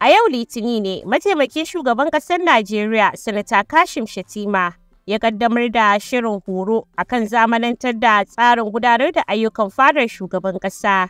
A yau Litini ne mataimakin shugaban ƙasar Najeriya Sanata Kashim Shatima ya kaddamar da shirin horo akan zamanantar da tsarin gudanar da ayyukan fadar shugaban ƙasa.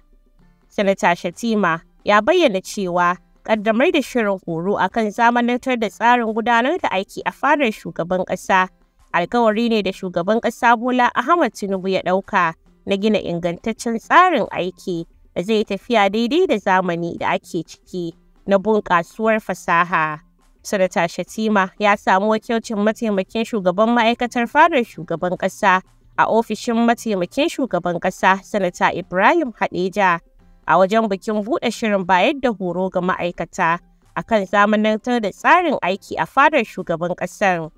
Sanata Shatima ya bayyana cewa kaddamar da shirin horo akan zamanantar da tsarin gudanar da aiki a fadar shugaban ƙasa alkawari ne da shugaban ƙasa Bola Ahmad Tinubu ya ɗauka na gina ingantaccen tsarin aiki da zai tafiya daidai da zamani da ake ciki. na bunƙasuwar fasaha. Sanata Shatima ya samu wakilcin mataimakin shugaban ma'aikatar fadar shugaban ƙasa a ofishin mataimakin shugaban ƙasa Sanata Ibrahim Hadeja a wajen bikin buɗe shirin bayar da horo ga ma'aikata a kan zamanantar da tsarin aiki a fadar shugaban ƙasar.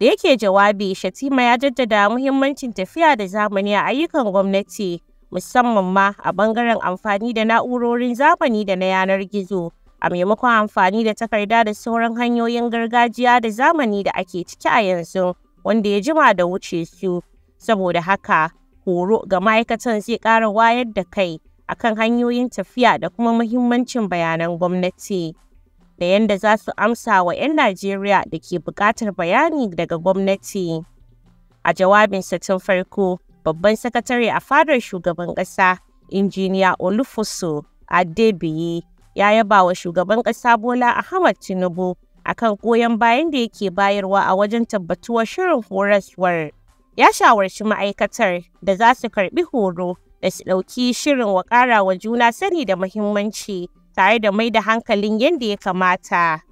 Da yake jawabi, Shatima ya jaddada muhimmancin tafiya da zamani a ayyukan gwamnati, musamman ma a bangaren amfani da na'urorin zamani da na yanar gizo. a maimakon amfani da takarda da sauran hanyoyin gargajiya da zamani da ake ciki a yanzu wanda ya jima da wuce su saboda haka horo ga ma'aikatan zai ƙara wayar da kai akan hanyoyin tafiya da kuma muhimmancin bayanan gwamnati da yadda za su amsa wa 'yan Najeriya da ke buƙatar bayani daga gwamnati. A jawabinsa tun farko, babban sakatare a fadar shugaban ƙasa, injiniya Olufoso Adebiyi ya yaba wa shugaban ƙasa Bola Ahmad Tinubu akan goyon bayan da yake bayarwa a wajen tabbatuwar shirin horaswar. Ya shawarci ma'aikatar da za su karɓi horo da su ɗauki shirin wa ƙara wa juna sani da muhimmanci tare da mai da hankalin yadda ya kamata.